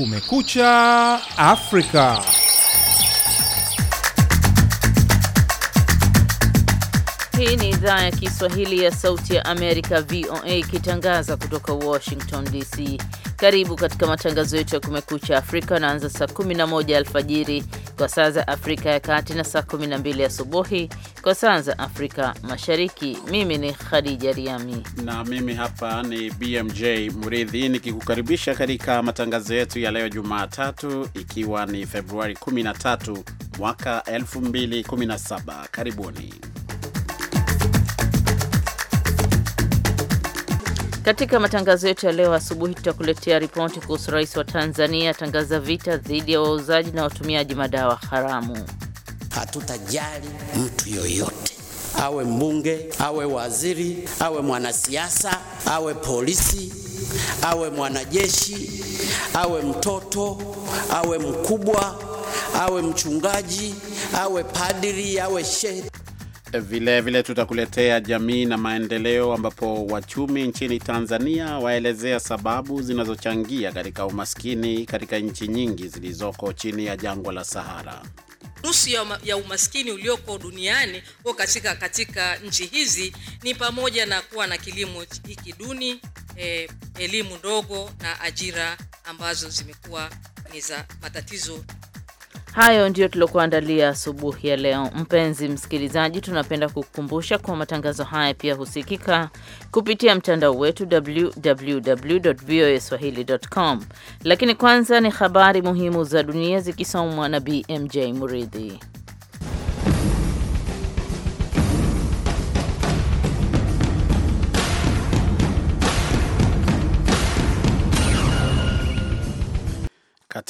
Kumekucha Afrika. Hii ni idhaa ya Kiswahili ya Sauti ya Amerika, VOA, ikitangaza kutoka Washington DC. Karibu katika matangazo yetu ya Kumekucha Afrika, naanza saa 11 alfajiri kwa saa za Afrika ya Kati na saa 12 asubuhi kwa saa za Afrika Mashariki. Mimi ni Khadija Riami na mimi hapa ni BMJ Mridhi nikikukaribisha katika matangazo yetu ya leo Jumatatu, ikiwa ni Februari 13 mwaka 2017. Karibuni. Katika matangazo yetu ya leo asubuhi tutakuletea ripoti kuhusu rais wa Tanzania atangaza vita dhidi ya wauzaji na watumiaji madawa haramu. Hatutajali mtu yoyote, awe mbunge, awe waziri, awe mwanasiasa, awe polisi, awe mwanajeshi, awe mtoto, awe mkubwa, awe mchungaji, awe padiri, awe shehe. Vilevile vile tutakuletea jamii na maendeleo, ambapo wachumi nchini Tanzania waelezea sababu zinazochangia katika umaskini katika nchi nyingi zilizoko chini ya jangwa la Sahara. Nusu ya umaskini ulioko duniani huo katika katika nchi hizi ni pamoja na kuwa na kilimo hiki duni, eh, elimu ndogo na ajira ambazo zimekuwa ni za matatizo Hayo ndiyo tuliokuandalia asubuhi ya leo. Mpenzi msikilizaji, tunapenda kukukumbusha kwa matangazo haya pia husikika kupitia mtandao wetu www voa swahilicom Lakini kwanza ni habari muhimu za dunia zikisomwa na BMJ Muridhi.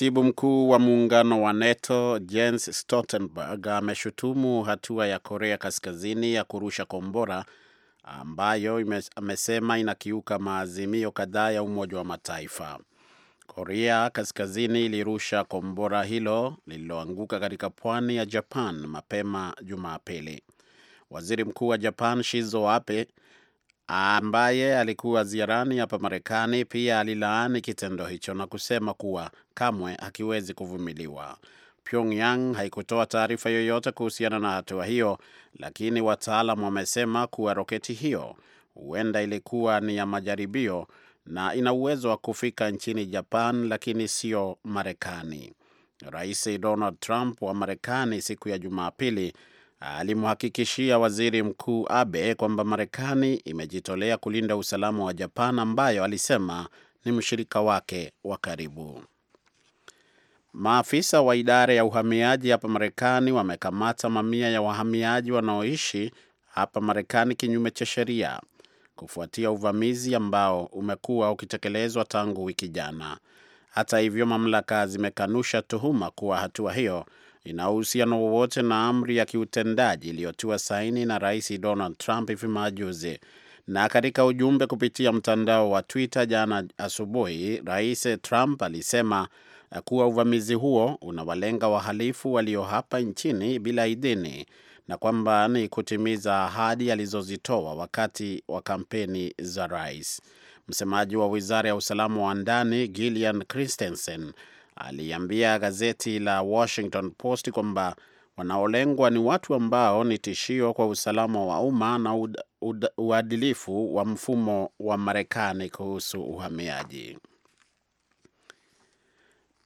Katibu mkuu wa muungano wa NATO Jens Stoltenberg ameshutumu hatua ya Korea Kaskazini ya kurusha kombora ambayo amesema inakiuka maazimio kadhaa ya Umoja wa Mataifa. Korea Kaskazini ilirusha kombora hilo lililoanguka katika pwani ya Japan mapema Jumapili. Waziri Mkuu wa Japan Shizo Abe ambaye alikuwa ziarani hapa Marekani pia alilaani kitendo hicho na kusema kuwa kamwe hakiwezi kuvumiliwa. Pyongyang haikutoa taarifa yoyote kuhusiana na hatua hiyo, lakini wataalam wamesema kuwa roketi hiyo huenda ilikuwa ni ya majaribio na ina uwezo wa kufika nchini Japan, lakini sio Marekani. Rais Donald Trump wa Marekani siku ya Jumapili alimhakikishia waziri mkuu Abe kwamba Marekani imejitolea kulinda usalama wa Japan ambayo alisema ni mshirika wake wa karibu. Maafisa wa idara ya uhamiaji hapa Marekani wamekamata mamia ya wahamiaji wanaoishi hapa Marekani kinyume cha sheria kufuatia uvamizi ambao umekuwa ukitekelezwa tangu wiki jana. Hata hivyo, mamlaka zimekanusha tuhuma kuwa hatua hiyo ina uhusiano wowote na amri ya kiutendaji iliyotiwa saini na Rais Donald Trump hivi majuzi. Na katika ujumbe kupitia mtandao wa Twitter jana asubuhi, Rais Trump alisema kuwa uvamizi huo unawalenga wahalifu walio hapa nchini bila idhini na kwamba ni kutimiza ahadi alizozitoa wakati wa kampeni za rais. Msemaji wa wizara ya usalama wa ndani Gillian Christensen aliambia gazeti la Washington Post kwamba wanaolengwa ni watu ambao ni tishio kwa usalama wa umma na uadilifu wa mfumo wa Marekani kuhusu uhamiaji.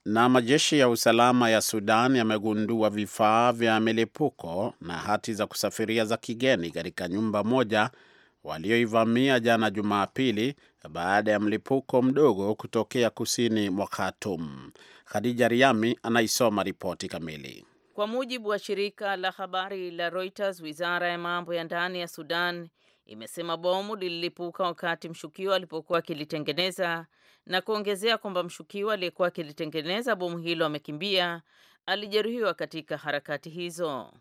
Na majeshi ya usalama ya Sudan yamegundua vifaa vya milipuko na hati za kusafiria za kigeni katika nyumba moja walioivamia jana Jumapili baada ya mlipuko mdogo kutokea kusini mwa Khartoum. Khadija Riami anaisoma ripoti kamili. Kwa mujibu wa shirika la habari la Reuters, wizara ya mambo ya ndani ya Sudan imesema bomu lililipuka wakati mshukiwa alipokuwa akilitengeneza na kuongezea kwamba mshukiwa aliyekuwa akilitengeneza bomu hilo amekimbia, alijeruhiwa katika harakati hizo.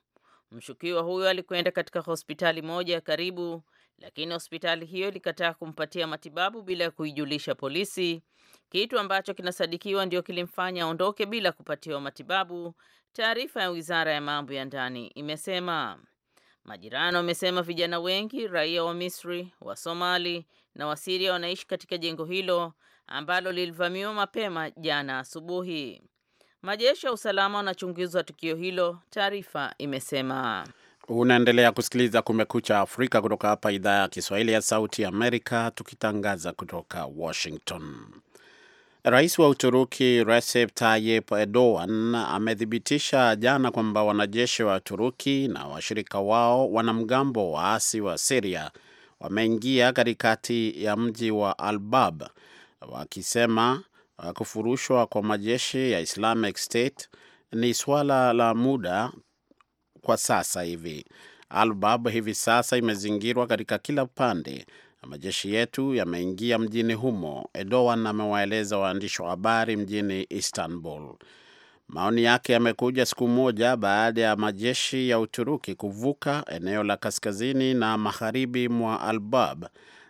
Mshukiwa huyo alikwenda katika hospitali moja ya karibu lakini hospitali hiyo ilikataa kumpatia matibabu bila ya kuijulisha polisi, kitu ambacho kinasadikiwa ndio kilimfanya aondoke bila kupatiwa matibabu. Taarifa ya Wizara ya Mambo ya Ndani imesema. Majirani wamesema vijana wengi raia wa Misri, wa Somali na Wasiria wanaishi katika jengo hilo ambalo lilivamiwa mapema jana asubuhi. Majeshi ya usalama wanachunguzwa tukio hilo, taarifa imesema. Unaendelea kusikiliza Kumekucha Afrika kutoka hapa idhaa ya Kiswahili ya Sauti ya Amerika, tukitangaza kutoka Washington. Rais wa Uturuki Recep Tayyip Erdogan amethibitisha jana kwamba wanajeshi wa Uturuki na washirika wao wanamgambo waasi wa Siria wameingia katikati ya mji wa Albab wakisema kufurushwa kwa majeshi ya Islamic State ni swala la muda kwa sasa hivi. Albab hivi sasa imezingirwa katika kila upande na majeshi yetu yameingia mjini humo, Edoan amewaeleza waandishi wa habari mjini Istanbul. Maoni yake yamekuja siku moja baada ya majeshi ya Uturuki kuvuka eneo la kaskazini na magharibi mwa Albab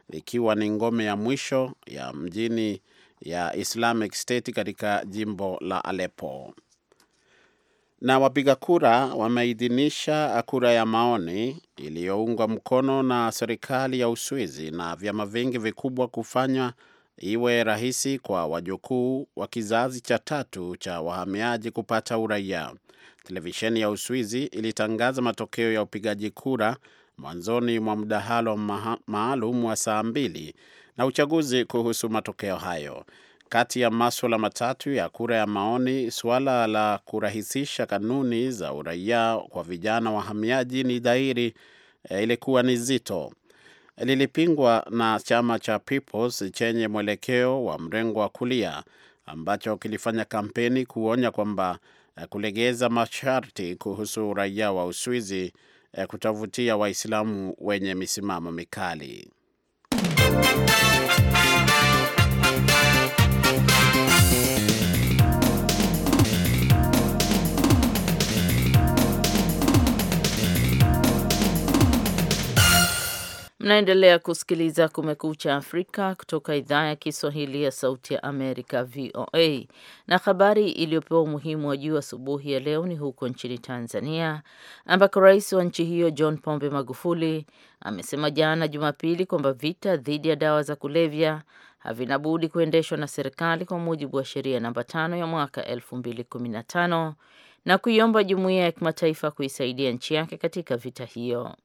likiwa ni ngome ya mwisho ya mjini ya Islamic State katika jimbo la Aleppo. Na wapiga kura wameidhinisha kura ya maoni iliyoungwa mkono na serikali ya Uswizi na vyama vingi vikubwa kufanywa iwe rahisi kwa wajukuu wa kizazi cha tatu cha wahamiaji kupata uraia. Televisheni ya Uswizi ilitangaza matokeo ya upigaji kura mwanzoni mwa mdahalo maalum wa saa mbili na uchaguzi kuhusu matokeo hayo. Kati ya maswala matatu ya kura ya maoni, suala la kurahisisha kanuni za uraia kwa vijana wahamiaji ni dhahiri e, ilikuwa ni zito. Lilipingwa na chama cha Peoples chenye mwelekeo wa mrengo wa kulia ambacho kilifanya kampeni kuonya kwamba eh, kulegeza masharti kuhusu uraia wa Uswizi eh, kutavutia Waislamu wenye misimamo mikali. Mnaendelea kusikiliza Kumekucha Afrika kutoka idhaa ya Kiswahili ya Sauti ya Amerika, VOA. Na habari iliyopewa umuhimu wa juu asubuhi ya leo ni huko nchini Tanzania, ambako rais wa nchi hiyo John Pombe Magufuli amesema jana Jumapili kwamba vita dhidi ya dawa za kulevya havina budi kuendeshwa na serikali kwa mujibu wa sheria namba tano ya mwaka elfu mbili kumi na tano na kuiomba jumuiya ya kimataifa kuisaidia nchi yake katika vita hiyo.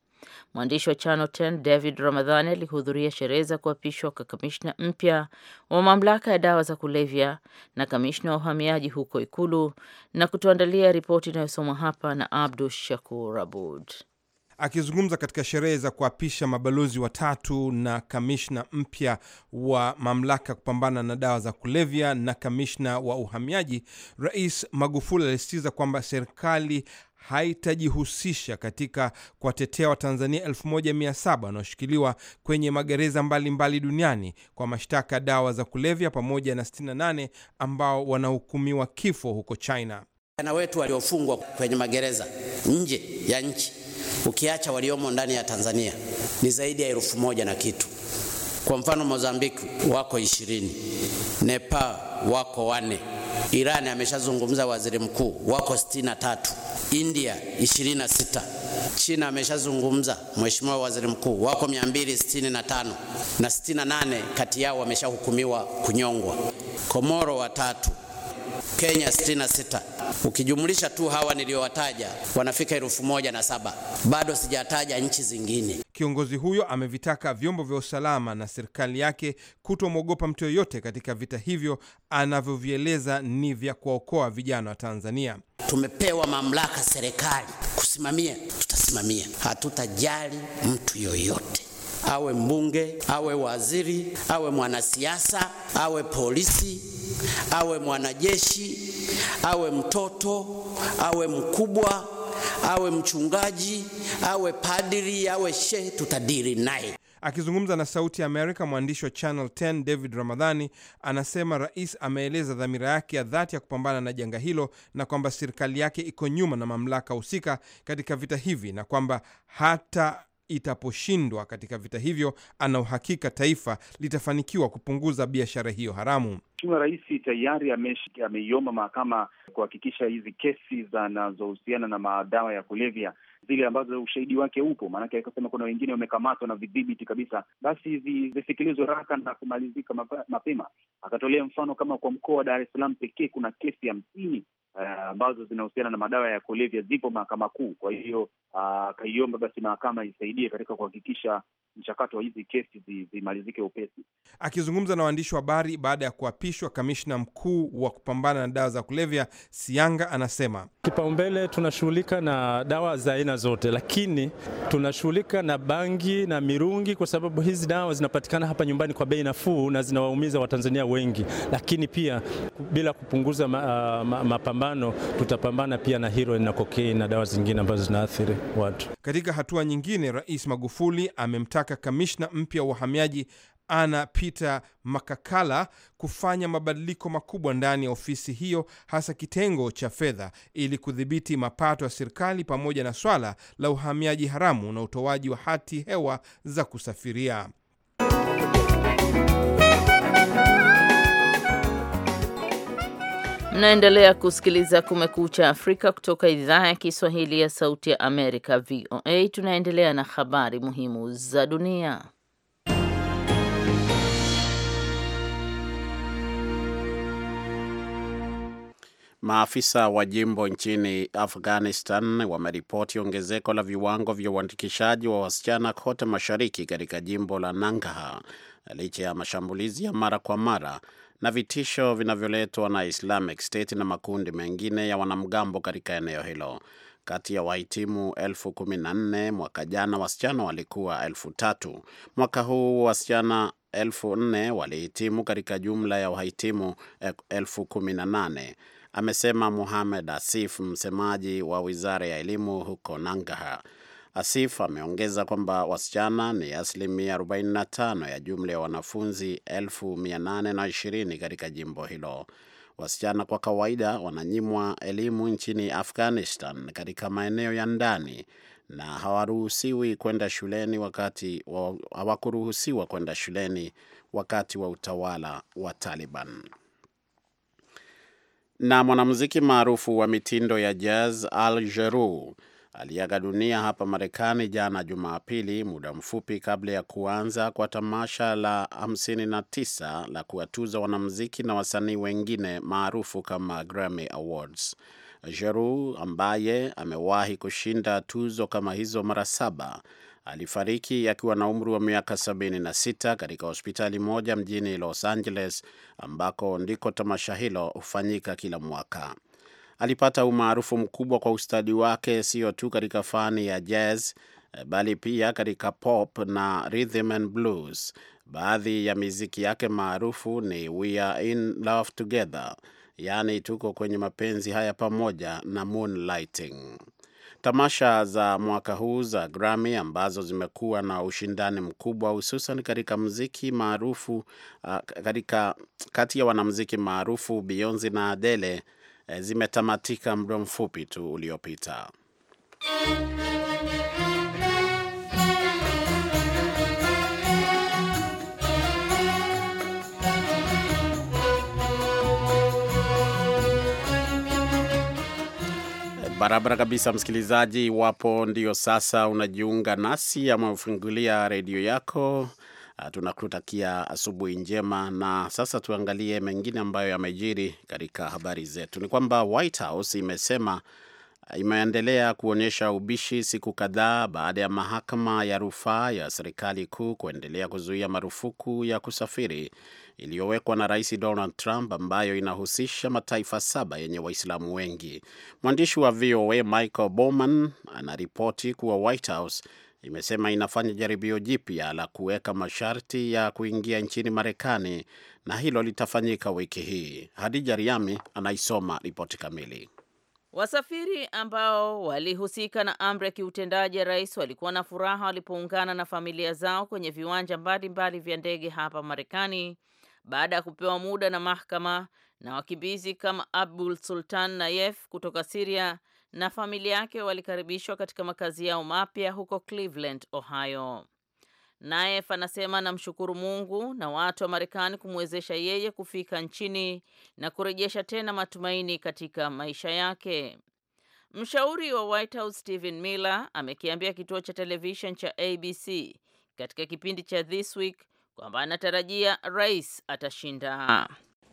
Mwandishi wa Channel 10 David Ramadhani alihudhuria sherehe za kuapishwa kwa kamishna mpya wa mamlaka ya dawa za kulevya na kamishna wa uhamiaji huko Ikulu na kutuandalia ripoti inayosomwa hapa na Abdu Shakur Abud. Akizungumza katika sherehe za kuapisha mabalozi watatu na kamishna mpya wa mamlaka kupambana na dawa za kulevya na kamishna wa uhamiaji, Rais Magufuli alisisitiza kwamba serikali haitajihusisha katika kuwatetea Watanzania 1700 wanaoshikiliwa kwenye magereza mbalimbali mbali duniani kwa mashtaka ya dawa za kulevya pamoja na 68 ambao wanahukumiwa kifo huko China. Vijana wetu waliofungwa kwenye magereza nje ya nchi, ukiacha waliomo ndani ya Tanzania, ni zaidi ya elfu moja na kitu. Kwa mfano, Mozambiki wako ishirini, Nepal wako wane, Irani ameshazungumza waziri mkuu, wako sitini na tatu. India 26, China ameshazungumza Mheshimiwa Waziri Mkuu, wako 265 na 68 kati yao wameshahukumiwa kunyongwa. Komoro watatu Kenya 66. Ukijumlisha tu hawa niliyowataja wanafika elfu moja na saba. Bado sijataja nchi zingine. Kiongozi huyo amevitaka vyombo vya usalama na serikali yake kutomwogopa mtu yoyote katika vita hivyo anavyovieleza ni vya kuwaokoa vijana wa Tanzania. Tumepewa mamlaka serikali kusimamia, tutasimamia, hatutajali mtu yoyote awe mbunge, awe waziri, awe mwanasiasa, awe polisi awe mwanajeshi, awe mtoto, awe mkubwa, awe mchungaji, awe padri, awe shehe, tutadiri naye. Akizungumza na Sauti ya Amerika, mwandishi wa Channel 10 David Ramadhani anasema rais ameeleza dhamira yake ya dhati ya kupambana na janga hilo na kwamba serikali yake iko nyuma na mamlaka husika katika vita hivi na kwamba hata itaposhindwa katika vita hivyo, ana uhakika taifa litafanikiwa kupunguza biashara hiyo haramu. Mheshimiwa Rais tayari ameiomba mahakama kuhakikisha hizi kesi zinazohusiana na madawa ya kulevya zile ambazo ushahidi wake upo, maanake akasema kuna wengine wamekamatwa na vidhibiti kabisa, basi zisikilizwe haraka na kumalizika mapema. Akatolea mfano kama kwa mkoa wa Dar es Salaam pekee kuna kesi hamsini Eh, ambazo uh, zinahusiana na madawa ya kulevya zipo mahakama kuu. Kwa hiyo uh, basi mahakama isaidie katika kuhakikisha mchakato wa hizi kesi zimalizike upesi. Akizungumza na waandishi wa habari baada ya kuapishwa kamishna mkuu wa kupambana na dawa za kulevya, Sianga anasema kipaumbele, tunashughulika na dawa za aina zote, lakini tunashughulika na bangi na mirungi, kwa sababu hizi dawa zinapatikana hapa nyumbani kwa bei nafuu na zinawaumiza Watanzania wengi, lakini pia bila kupunguza ah, mapambano ma, ma, mapambano tutapambana pia na heroin na cocaine na dawa zingine ambazo zinaathiri watu. Katika hatua nyingine, Rais Magufuli amemtaka kamishna mpya wa uhamiaji ana Peter Makakala kufanya mabadiliko makubwa ndani ya ofisi hiyo, hasa kitengo cha fedha, ili kudhibiti mapato ya serikali pamoja na swala la uhamiaji haramu na utoaji wa hati hewa za kusafiria. Mnaendelea kusikiliza Kumekucha Afrika kutoka idhaa ya Kiswahili ya Sauti ya Amerika, VOA. Tunaendelea na habari muhimu za dunia. Maafisa wa jimbo nchini Afghanistan wameripoti ongezeko la viwango vya uandikishaji wa wasichana kote mashariki katika jimbo la nangaha licha ya mashambulizi ya mara kwa mara na vitisho vinavyoletwa na Islamic State na makundi mengine ya wanamgambo katika eneo hilo. Kati ya wahitimu elfu kumi na nne mwaka jana, wasichana walikuwa elfu tatu. Mwaka huu wasichana elfu nne walihitimu katika jumla ya wahitimu eh, elfu kumi na nane amesema muhamed Asif, msemaji wa wizara ya elimu huko Nangaha. Asif ameongeza kwamba wasichana ni asilimia 45 ya jumla ya wanafunzi 820 katika jimbo hilo. Wasichana kwa kawaida wananyimwa elimu nchini Afghanistan katika maeneo ya ndani na hawaruhusiwi kwenda shuleni wakati hawakuruhusiwa kwenda shuleni wakati wa utawala wa Taliban. Na mwanamuziki maarufu wa mitindo ya jazz Al jeru aliaga dunia hapa Marekani jana Jumapili, muda mfupi kabla ya kuanza kwa tamasha la 59 la kuwatuza wanamuziki na wasanii wengine maarufu kama Grammy Awards. Jeru ambaye amewahi kushinda tuzo kama hizo mara saba alifariki akiwa na umri wa miaka 76 katika hospitali moja mjini Los Angeles ambako ndiko tamasha hilo hufanyika kila mwaka. Alipata umaarufu mkubwa kwa ustadi wake sio tu katika fani ya jazz eh, bali pia katika pop na rhythm and blues. Baadhi ya miziki yake maarufu ni We Are In Love Together, yaani tuko kwenye mapenzi haya pamoja, na Moonlighting. Tamasha za mwaka huu za Grammy ambazo zimekuwa na ushindani mkubwa hususan katika mziki maarufu, ah, katika kati ya wanamziki maarufu Beyonce na Adele Eh, zimetamatika muda mfupi tu uliopita. Barabara kabisa, msikilizaji. Iwapo ndio sasa unajiunga nasi ama ufungulia redio yako Ah, tunakutakia asubuhi njema. Na sasa tuangalie mengine ambayo yamejiri katika habari zetu. Ni kwamba White House imesema ah, imeendelea kuonyesha ubishi siku kadhaa baada ya mahakama ya rufaa ya serikali kuu kuendelea kuzuia marufuku ya kusafiri iliyowekwa na Rais Donald Trump ambayo inahusisha mataifa saba yenye Waislamu wengi. Mwandishi wa VOA Michael Bowman anaripoti kuwa White House imesema inafanya jaribio jipya la kuweka masharti ya kuingia nchini Marekani na hilo litafanyika wiki hii. Hadija Riami anaisoma ripoti kamili. Wasafiri ambao walihusika na amri ya kiutendaji ya rais walikuwa na furaha walipoungana na familia zao kwenye viwanja mbalimbali vya ndege hapa Marekani baada ya kupewa muda na mahakama. Na wakimbizi kama Abdul Sultan Nayef kutoka Siria na familia yake walikaribishwa katika makazi yao mapya huko Cleveland, Ohio. Naye anasema namshukuru Mungu na watu wa Marekani kumwezesha yeye kufika nchini na kurejesha tena matumaini katika maisha yake. Mshauri wa White House Stephen Miller amekiambia kituo cha televishen cha ABC katika kipindi cha This Week kwamba anatarajia rais atashinda.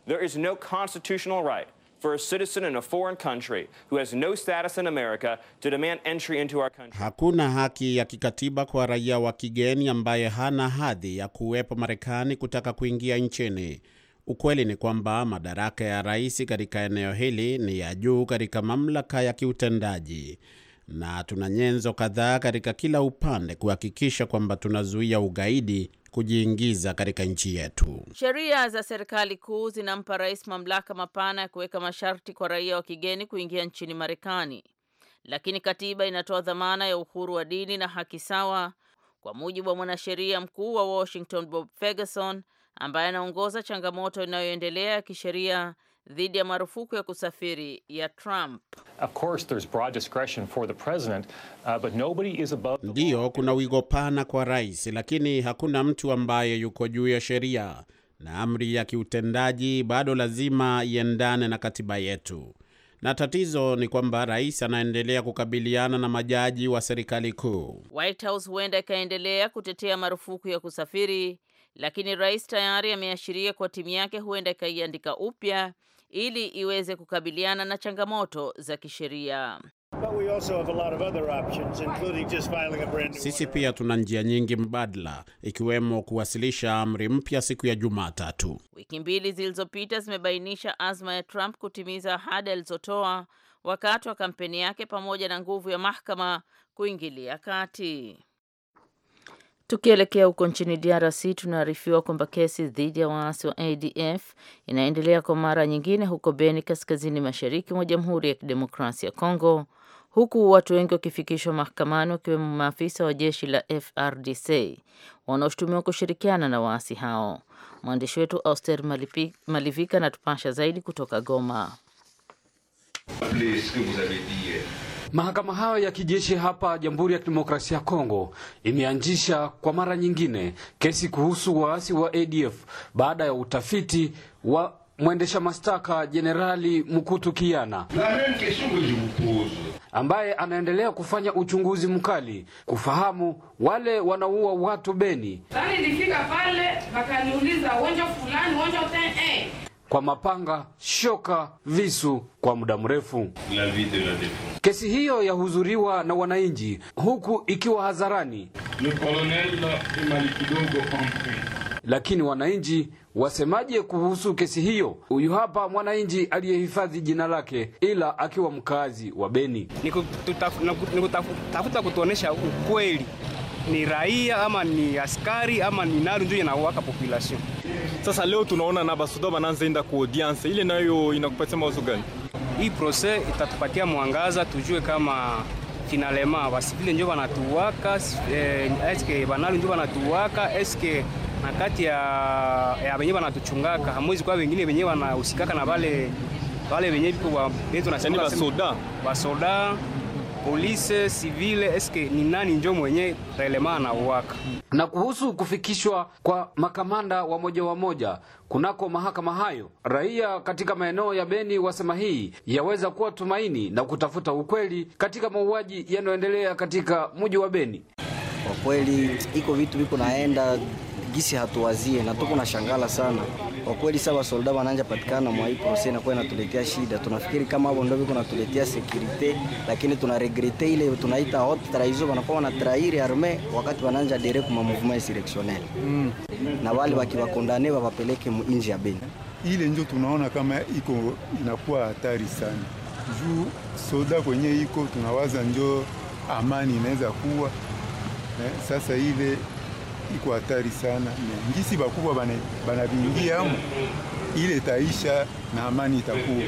There is no constitutional right for a citizen in a foreign country who has no status in America to demand entry into our country. Hakuna haki ya kikatiba kwa raia wa kigeni ambaye hana hadhi ya kuwepo Marekani kutaka kuingia nchini. Ukweli ni kwamba madaraka ya rais katika eneo hili ni ya juu katika mamlaka ya kiutendaji na tuna nyenzo kadhaa katika kila upande kuhakikisha kwamba tunazuia ugaidi kujiingiza katika nchi yetu. Sheria za serikali kuu zinampa rais mamlaka mapana ya kuweka masharti kwa raia wa kigeni kuingia nchini Marekani, lakini katiba inatoa dhamana ya uhuru wa dini na haki sawa, kwa mujibu wa mwanasheria mkuu wa Washington Bob Ferguson, ambaye anaongoza changamoto inayoendelea ya kisheria dhidi ya marufuku ya kusafiri ya Trump. Uh, Ndiyo, kuna wigo pana kwa rais, lakini hakuna mtu ambaye yuko juu ya sheria, na amri ya kiutendaji bado lazima iendane na katiba yetu. Na tatizo ni kwamba rais anaendelea kukabiliana na majaji wa serikali kuu. White House huenda ikaendelea kutetea marufuku ya kusafiri, lakini rais tayari ameashiria kwa timu yake huenda ikaiandika upya ili iweze kukabiliana na changamoto za kisheria. Sisi pia tuna njia nyingi mbadala ikiwemo kuwasilisha amri mpya siku ya Jumatatu. Wiki mbili zilizopita zimebainisha azma ya Trump kutimiza ahadi alizotoa wakati wa kampeni yake pamoja na nguvu ya mahakama kuingilia kati. Tukielekea huko nchini DRC, tunaarifiwa kwamba kesi dhidi ya waasi wa ADF inaendelea kwa mara nyingine huko Beni, kaskazini mashariki mwa Jamhuri ya Kidemokrasia ya Kongo, huku watu wengi wakifikishwa mahakamani wakiwemo maafisa wa jeshi la FRDC wanaoshutumiwa kushirikiana na waasi hao. Mwandishi wetu Auster Malivika anatupasha zaidi kutoka Goma. Please, Mahakama hayo ya kijeshi hapa Jamhuri ya Kidemokrasia ya Kongo imeanzisha kwa mara nyingine kesi kuhusu waasi wa ADF baada ya utafiti wa mwendesha mashtaka Jenerali Mukutu Kiana ambaye anaendelea kufanya uchunguzi mkali kufahamu wale wanaua watu Beni. nilifika pale wakaniuliza, wonjo fulani wonjo ten, eh kwa mapanga, shoka, visu kwa muda mrefu. Kesi hiyo yahudhuriwa na wananchi huku ikiwa hadharani, lakini wananchi wasemaje kuhusu kesi hiyo? Huyu hapa mwananchi aliyehifadhi jina lake, ila akiwa mkazi wa Beni. Nikutafuta kutuonesha ukweli, ni raia ama ni askari ama ni nani, ndio inawaka population sasa leo tunaona na Nabasuda wanaanzaenda ku audience ile, nayo inakupatia mawazo gani? Hii proses itatupatia mwangaza, tujue kama finalema basivile njo wanatuwaka eh, eske banali njo wanatuwaka eske na kati ya, ya benye wanatuchungaka hamwezi kwa wengine benye wanahusikaka na wale wale benye biko betu na yaani basoda basoda polisi sivile, eske ni nani njo mwenye relema uwaka Na kuhusu kufikishwa kwa makamanda wa moja wa moja kunako mahakama hayo, raia katika maeneo ya Beni wasema hii yaweza kuwa tumaini na kutafuta ukweli katika mauaji yanayoendelea katika mji wa Beni. Kwa kweli iko vitu viko naenda gisi hatuwazie na tuko na shangala sana kwa kweli. sawa wasolda wananja patikana mwa hii proses inakuwa inatuletea shida. Tunafikiri kama hapo ndio viko natuletea sekurite, lakini tuna regrete ile tunaita hot traizo, wanakuwa wana trahiri arme wakati wananja direct kwa mouvement insurrectionnel mm. na wale wakiwakondane wapeleke nje ya Beni. Ile ndio tunaona kama iko inakuwa hatari sana juu soda kwenye iko tunawaza ndio amani inaweza kuwa eh, sasa ile iko hatari sana. Ngisi bakubwa bana ile taisha na amani itakuwa.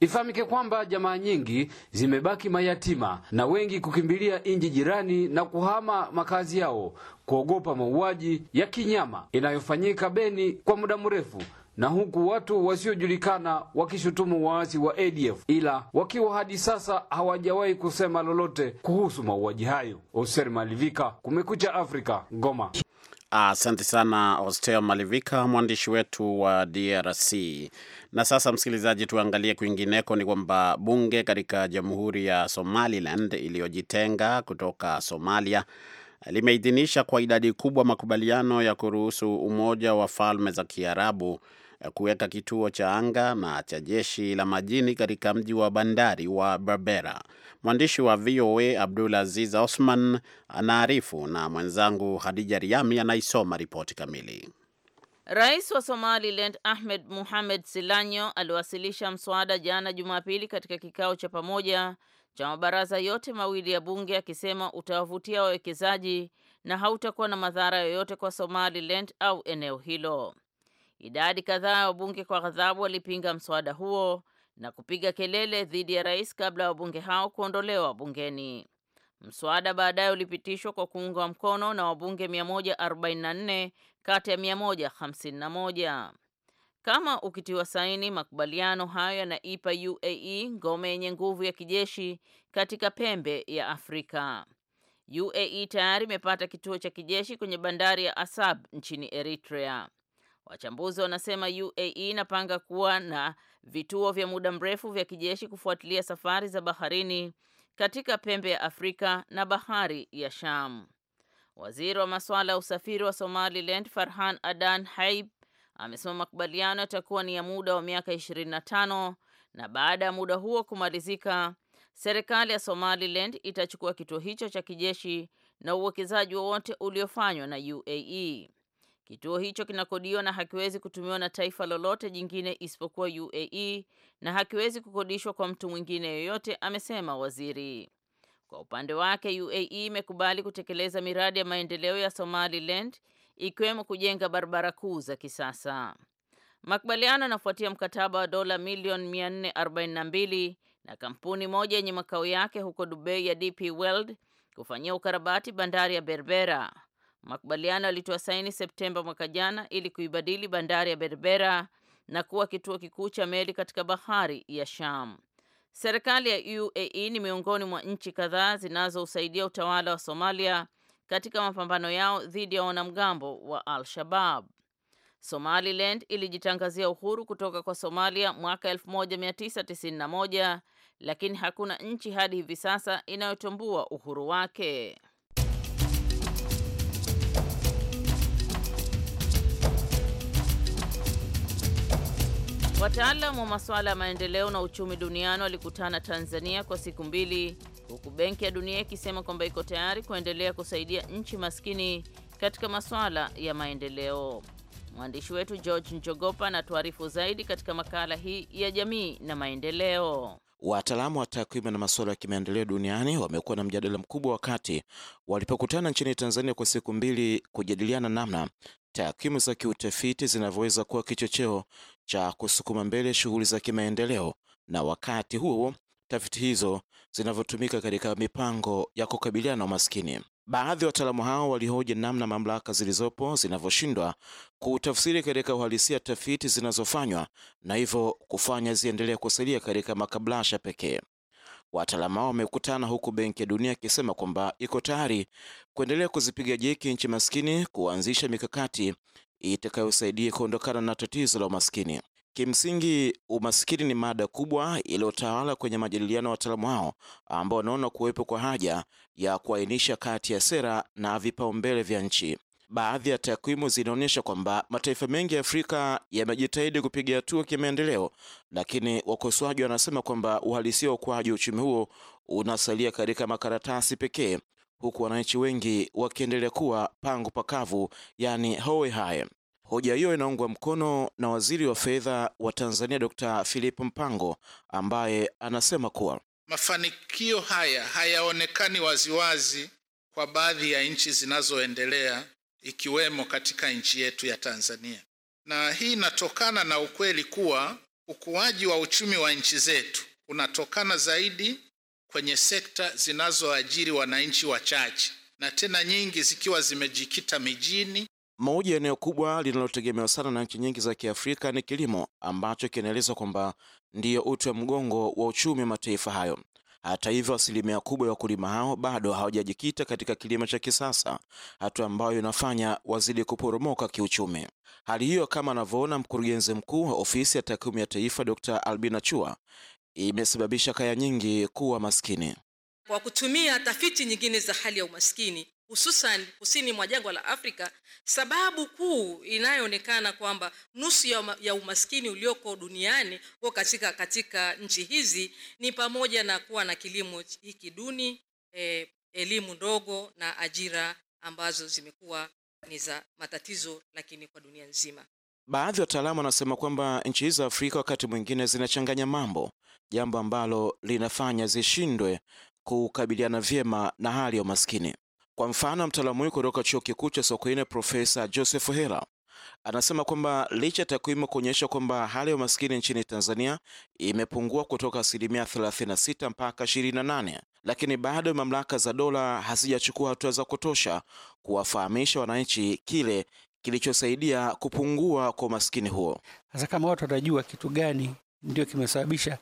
Ifahamike kwamba jamaa nyingi zimebaki mayatima na wengi kukimbilia nji jirani na kuhama makazi yao kuogopa mauaji ya kinyama inayofanyika Beni kwa muda mrefu na huku watu wasiojulikana wakishutumu waasi wa ADF ila wakiwa hadi sasa hawajawahi kusema lolote kuhusu mauaji hayo. Oser Malivika, Kumekucha Afrika, Goma. Asante uh, sana Ostel Malivika, mwandishi wetu wa DRC. Na sasa, msikilizaji, tuangalie kwingineko. Ni kwamba bunge katika jamhuri ya Somaliland iliyojitenga kutoka Somalia eh, limeidhinisha kwa idadi kubwa makubaliano ya kuruhusu Umoja wa Falme za Kiarabu Eh, kuweka kituo cha anga na cha jeshi la majini katika mji wa bandari wa Berbera. Mwandishi wa VOA Abdul Aziz Osman anaarifu na mwenzangu Khadija Riami anaisoma ripoti kamili. Rais wa Somaliland Ahmed muhamed Silanyo aliwasilisha mswada jana Jumapili katika kikao cha pamoja cha mabaraza yote mawili ya bunge akisema utawavutia wawekezaji na hautakuwa na madhara yoyote kwa Somaliland au eneo hilo. Idadi kadhaa ya wabunge kwa ghadhabu walipinga mswada huo na kupiga kelele dhidi ya rais kabla ya wabunge hao kuondolewa bungeni. Mswada baadaye ulipitishwa kwa kuungwa mkono na wabunge 144 kati ya 151. Kama ukitiwa saini, makubaliano hayo yanaipa UAE ngome yenye nguvu ya kijeshi katika pembe ya Afrika. UAE tayari imepata kituo cha kijeshi kwenye bandari ya Asab nchini Eritrea. Wachambuzi wanasema UAE inapanga kuwa na vituo vya muda mrefu vya kijeshi kufuatilia safari za baharini katika pembe ya Afrika na bahari ya Sham. Waziri wa masuala ya usafiri wa Somaliland Farhan Adan Haib amesema makubaliano yatakuwa ni ya muda wa miaka 25 na baada ya muda huo kumalizika, serikali ya Somaliland itachukua kituo hicho cha kijeshi na uwekezaji wowote uliofanywa na UAE. Kituo hicho kinakodiwa na hakiwezi kutumiwa na taifa lolote jingine isipokuwa UAE na hakiwezi kukodishwa kwa mtu mwingine yoyote, amesema waziri. Kwa upande wake, UAE imekubali kutekeleza miradi ya maendeleo ya Somaliland ikiwemo kujenga barabara kuu za kisasa. Makubaliano yanafuatia mkataba wa dola milioni 442 na kampuni moja yenye makao yake huko Dubai ya DP World kufanyia ukarabati bandari ya Berbera. Makubaliano yalitoa saini Septemba mwaka jana ili kuibadili bandari ya Berbera na kuwa kituo kikuu cha meli katika bahari ya Sham. Serikali ya UAE ni miongoni mwa nchi kadhaa zinazousaidia utawala wa Somalia katika mapambano yao dhidi ya wanamgambo wa Al-Shabab. Somaliland ilijitangazia uhuru kutoka kwa Somalia mwaka 1991 lakini hakuna nchi hadi hivi sasa inayotambua uhuru wake. Wataalamu wa masuala ya maendeleo na uchumi duniani walikutana Tanzania kwa siku mbili huku Benki ya Dunia ikisema kwamba iko tayari kuendelea kusaidia nchi maskini katika masuala ya maendeleo. Mwandishi wetu George Njogopa anatuarifu zaidi katika makala hii ya jamii na maendeleo. Wataalamu wa takwimu na masuala ya kimaendeleo duniani wamekuwa na mjadala mkubwa wakati walipokutana nchini Tanzania kwa siku mbili kujadiliana namna takwimu za kiutafiti zinavyoweza kuwa kichocheo cha kusukuma mbele shughuli za kimaendeleo, na wakati huo tafiti hizo zinavyotumika katika mipango ya kukabiliana na umaskini. Baadhi ya wataalamu hao walihoji namna mamlaka zilizopo zinavyoshindwa kutafsiri katika uhalisia tafiti zinazofanywa na hivyo kufanya ziendelee kusalia katika makablasha pekee. Wataalamu hao wamekutana huku Benki ya Dunia ikisema kwamba iko tayari kuendelea kuzipiga jeki nchi maskini kuanzisha mikakati itakayosaidia kuondokana na tatizo la umaskini. Kimsingi, umaskini ni mada kubwa iliyotawala kwenye majadiliano ya wataalamu hao ambao wanaona kuwepo kwa haja ya kuainisha kati ya sera na vipaumbele vya nchi. Baadhi ya takwimu zinaonyesha kwamba mataifa mengi ya Afrika yamejitahidi kupiga hatua kimaendeleo, lakini wakosoaji wanasema kwamba uhalisia wa ukuaji wa uchumi huo unasalia katika makaratasi pekee, huku wananchi wengi wakiendelea kuwa pangu pakavu, yani hoe hai. Hoja hiyo inaungwa mkono na waziri wa fedha wa Tanzania Dr. Philip Mpango ambaye anasema kuwa mafanikio haya hayaonekani waziwazi kwa baadhi ya nchi zinazoendelea ikiwemo katika nchi yetu ya Tanzania. Na hii inatokana na ukweli kuwa ukuaji wa uchumi wa nchi zetu unatokana zaidi kwenye sekta zinazoajiri wananchi wachache na tena nyingi zikiwa zimejikita mijini. Moja ya eneo kubwa linalotegemewa sana na nchi nyingi za Kiafrika ni kilimo ambacho kinaelezwa kwamba ndiyo uti wa mgongo wa uchumi wa mataifa hayo. Hata hivyo, asilimia kubwa ya wakulima hao bado hawajajikita katika kilimo cha kisasa, hatua ambayo inafanya wazidi kuporomoka kiuchumi. Hali hiyo, kama anavyoona mkurugenzi mkuu wa ofisi ya takwimu ya taifa Dr. Albina Chua, imesababisha kaya nyingi kuwa maskini. Kwa kutumia tafiti nyingine za hali ya umaskini hususan kusini mwa jangwa la Afrika, sababu kuu inayoonekana kwamba nusu ya umaskini ulioko duniani huko katika, katika nchi hizi ni pamoja na kuwa na kilimo hiki duni, eh, elimu ndogo na ajira ambazo zimekuwa ni za matatizo, lakini kwa dunia nzima. Baadhi ya wataalamu wanasema kwamba nchi hizi za Afrika wakati mwingine zinachanganya mambo jambo ambalo linafanya zishindwe kukabiliana vyema na hali ya umaskini. Kwa mfano, mtaalamu huyu kutoka chuo kikuu cha Sokoine, Profesa Joseph Hela anasema kwamba licha ya takwimu kuonyesha kwamba hali ya umaskini nchini Tanzania imepungua kutoka asilimia 36 mpaka 28, lakini bado mamlaka za dola hazijachukua hatua za kutosha kuwafahamisha wananchi kile kilichosaidia kupungua kwa umaskini huo. Sasa kama watu watajua kitu gani ndio kimesababisha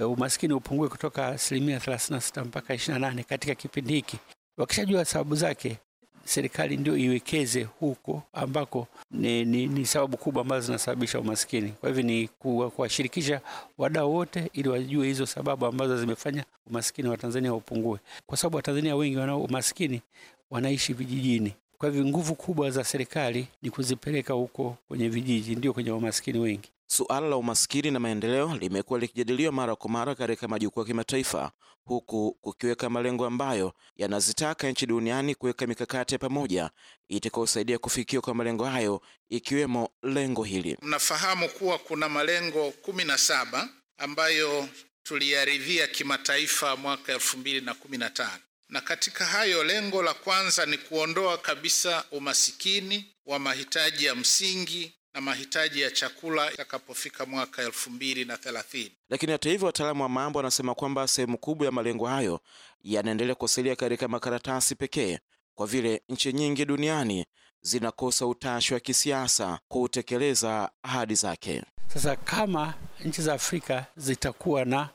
Eh, umaskini upungue kutoka asilimia 36 mpaka 28 katika kipindi hiki. Wakishajua sababu zake, serikali ndio iwekeze huko ambako ni, ni, ni sababu kubwa ambazo zinasababisha umaskini. Kwa hivyo ni kuwashirikisha wadau wote ili wajue hizo sababu ambazo zimefanya umaskini wa Tanzania upungue, kwa sababu Watanzania wengi wanao umaskini wanaishi vijijini. Kwa hivyo nguvu kubwa za serikali ni kuzipeleka huko kwenye vijiji, ndio kwenye umaskini wengi. Suala la umaskini na maendeleo limekuwa likijadiliwa mara kwa mara katika majukwaa ya kimataifa, huku kukiweka malengo ambayo yanazitaka nchi duniani kuweka mikakati ya pamoja itakayosaidia kufikiwa kwa malengo hayo, ikiwemo lengo hili. Mnafahamu kuwa kuna malengo kumi na saba ambayo tuliyaridhia kimataifa mwaka elfu mbili na kumi na tano na katika hayo lengo la kwanza ni kuondoa kabisa umasikini wa mahitaji ya msingi na mahitaji ya chakula itakapofika mwaka elfu mbili na thelathini. Lakini hata hivyo, wataalamu wa mambo wanasema kwamba sehemu kubwa ya malengo hayo yanaendelea kusalia katika makaratasi pekee kwa vile nchi nyingi duniani zinakosa utashi wa kisiasa kutekeleza ahadi zake. Sasa kama nchi za Afrika zitakuwa na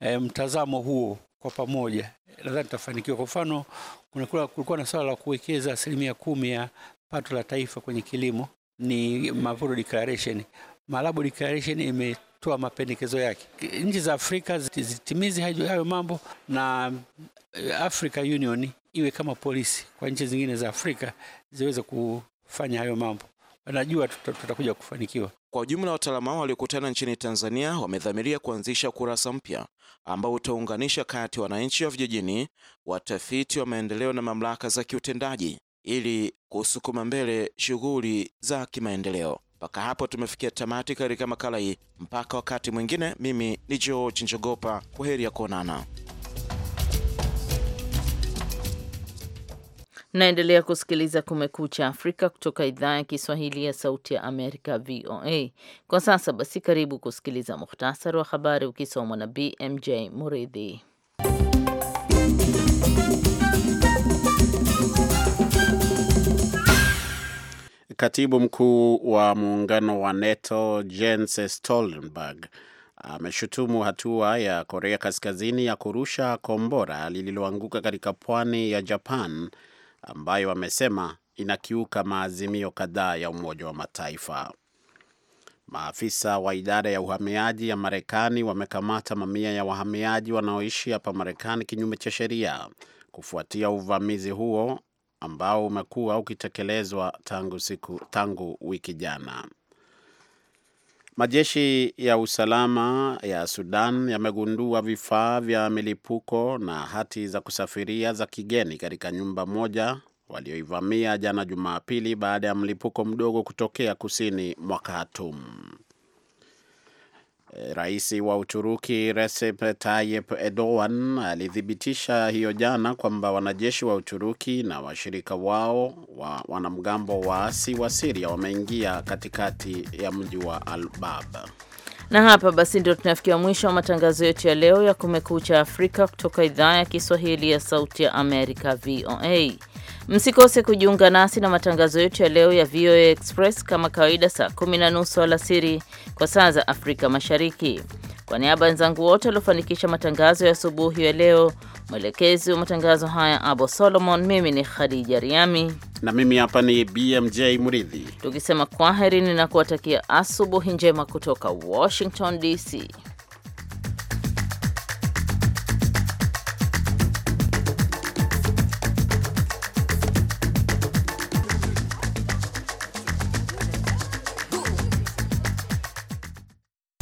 e, mtazamo huo kwa pamoja, nadhani tutafanikiwa. Kwa mfano, kulikuwa na suala la kuwekeza asilimia kumi ya pato la taifa kwenye kilimo ni Mavuru Declaration. Malabo Declaration imetoa mapendekezo yake, nchi za Afrika zitimize hayo mambo na eh, Africa Union iwe kama polisi kwa nchi zingine za Afrika ziweze kufanya hayo mambo. Najua tutakuja kufanikiwa. Kwa ujumla, wataalamu hao waliokutana nchini Tanzania wamedhamiria kuanzisha ukurasa mpya ambao utaunganisha kati wananchi wa vijijini, watafiti wa maendeleo na mamlaka za kiutendaji ili kusukuma mbele shughuli za kimaendeleo. Mpaka hapo tumefikia tamati katika makala hii. Mpaka wakati mwingine, mimi ni George Njogopa, kwa heri ya kuonana. Naendelea kusikiliza Kumekucha Afrika kutoka idhaa ya Kiswahili ya Sauti ya Amerika, VOA. Kwa sasa basi, karibu kusikiliza muhtasari wa habari ukisomwa na BMJ Muridhi. Katibu mkuu wa muungano wa NATO Jens Stoltenberg ameshutumu hatua ya Korea Kaskazini ya kurusha kombora lililoanguka katika pwani ya Japan ambayo amesema inakiuka maazimio kadhaa ya Umoja wa Mataifa. Maafisa wa idara ya uhamiaji ya Marekani wamekamata mamia ya wahamiaji wanaoishi hapa Marekani kinyume cha sheria kufuatia uvamizi huo ambao umekuwa ukitekelezwa tangu siku tangu wiki jana. Majeshi ya usalama ya Sudan yamegundua vifaa vya milipuko na hati za kusafiria za kigeni katika nyumba moja walioivamia jana Jumapili baada ya mlipuko mdogo kutokea kusini mwa Khartoum. Rais wa Uturuki Recep Tayyip Erdogan alithibitisha hiyo jana kwamba wanajeshi wa Uturuki na washirika wao wa wanamgambo waasi wa Siria wameingia katikati ya mji wa Albab. Na hapa basi ndio tunafikia mwisho wa matangazo yetu ya leo ya Kumekucha Afrika kutoka idhaa ya Kiswahili ya Sauti ya Amerika, VOA. Msikose kujiunga nasi na matangazo yetu ya leo ya VOA Express kama kawaida, saa kumi na nusu alasiri kwa saa za Afrika Mashariki. Kwa niaba ya wenzangu wote waliofanikisha matangazo ya asubuhi ya leo, mwelekezi wa matangazo haya Abo Solomon, mimi ni Khadija Riami na mimi hapa ni BMJ Muridhi, tukisema kwaherini na kuwatakia asubuhi njema kutoka Washington DC.